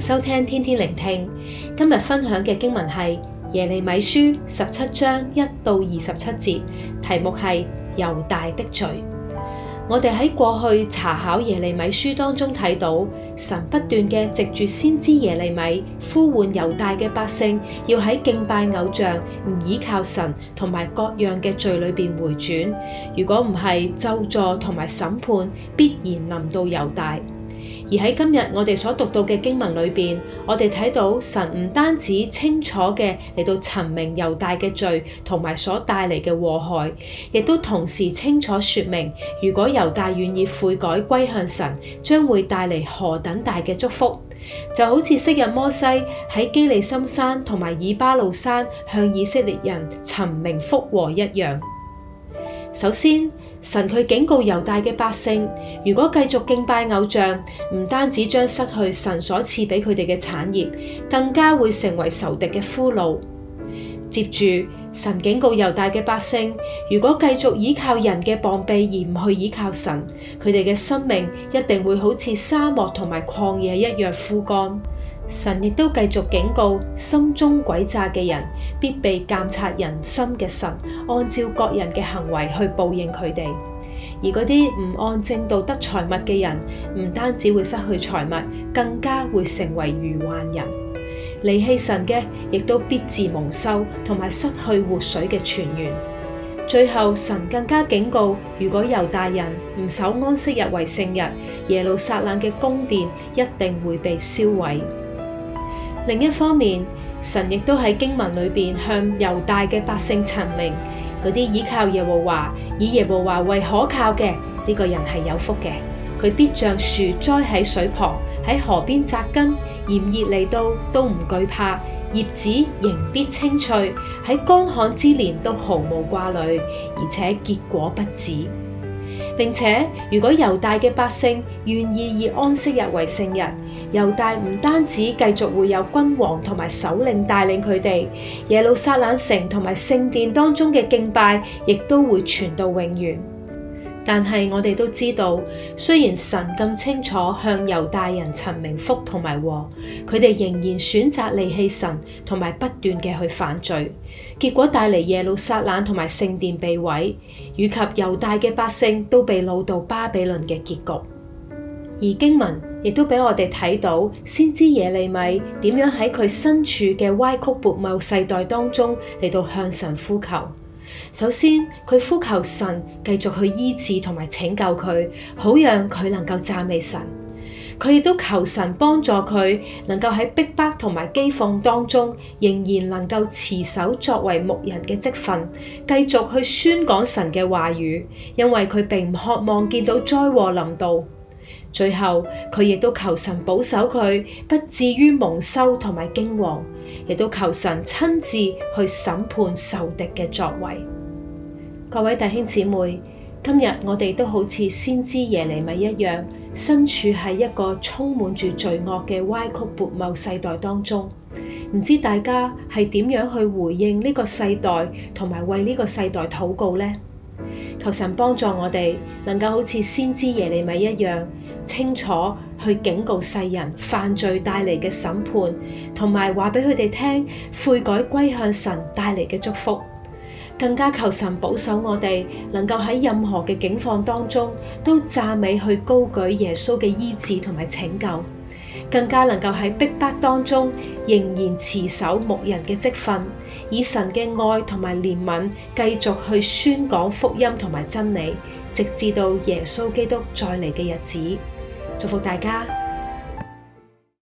收聽天天聆聽，今日分享嘅經文係耶利米書十七章一到二十七節，題目係猶大的罪。我哋喺過去查考耶利米書當中睇到，神不斷嘅藉住先知耶利米呼喚猶大嘅百姓，要喺敬拜偶像、唔倚靠神同埋各樣嘅罪裏邊回轉。如果唔係，咒詛同埋審判必然臨到猶大。而喺今日我哋所讀到嘅經文裏邊，我哋睇到神唔單止清楚嘅嚟到陳明猶大嘅罪同埋所帶嚟嘅禍害，亦都同時清楚說明，如果猶大願意悔改歸向神，將會帶嚟何等大嘅祝福，就好似昔日摩西喺基利心山同埋以巴路山向以色列人陳明福禍一樣。首先。神佢警告猶大嘅百姓，如果繼續敬拜偶像，唔單止將失去神所賜俾佢哋嘅產業，更加會成為仇敵嘅俘虜。接住，神警告猶大嘅百姓，如果繼續依靠人嘅膀臂而唔去依靠神，佢哋嘅生命一定會好似沙漠同埋曠野一樣枯乾。神亦都繼續警告心中詭詐嘅人，必被鑒察人心嘅神，按照各人嘅行為去報應佢哋。而嗰啲唔按正道得財物嘅人，唔單止會失去財物，更加會成為愚頑人。離棄神嘅，亦都必至蒙羞同埋失去活水嘅泉源。最後，神更加警告：如果猶大人唔守安息日為聖日，耶路撒冷嘅宮殿一定會被燒毀。另一方面，神亦都喺經文裏邊向猶大嘅百姓陳明，嗰啲倚靠耶和華、以耶和華為可靠嘅，呢個人係有福嘅，佢必像樹栽喺水旁，喺河邊扎根，炎熱嚟到都唔懼怕，葉子仍必青翠，喺乾旱之年都毫無掛慮，而且結果不止。並且，如果猶大嘅百姓願意以安息日為聖日，猶大唔單止繼續會有君王同埋首領帶領佢哋，耶路撒冷城同埋聖殿當中嘅敬拜，亦都會存到永遠。但係我哋都知道，雖然神咁清楚向猶大人陳明福同埋禍，佢哋仍然選擇離棄神，同埋不斷嘅去犯罪，結果帶嚟耶路撒冷同埋聖殿被毀，以及猶大嘅百姓都被擄到巴比倫嘅結局。而經文亦都俾我哋睇到，先知耶利米點樣喺佢身處嘅歪曲撥謬世代當中嚟到向神呼求。首先，佢呼求神繼續去醫治同埋拯救佢，好讓佢能夠讚美神。佢亦都求神幫助佢能夠喺逼迫同埋譏諷當中，仍然能夠持守作為牧人嘅職份，繼續去宣講神嘅話語。因為佢並唔渴望見到災禍臨到。最後佢亦都求神保守佢，不至於蒙羞同埋驚惶，亦都求神親自去審判仇敵嘅作為。各位弟兄姊妹，今日我哋都好似先知耶利米一樣，身處喺一個充滿住罪惡嘅歪曲悖謬世代當中。唔知大家係點樣去回應呢個世代，同埋為呢個世代禱告呢？求神幫助我哋，能夠好似先知耶利米一樣，清楚去警告世人犯罪帶嚟嘅審判，同埋話俾佢哋聽悔改歸向神帶嚟嘅祝福。更加求神保守我哋，能夠喺任何嘅境況當中都讚美去高舉耶穌嘅醫治同埋拯救。更加能夠喺逼迫當中仍然持守牧人嘅職分，以神嘅愛同埋憐憫繼續去宣講福音同埋真理，直至到耶穌基督再嚟嘅日子。祝福大家！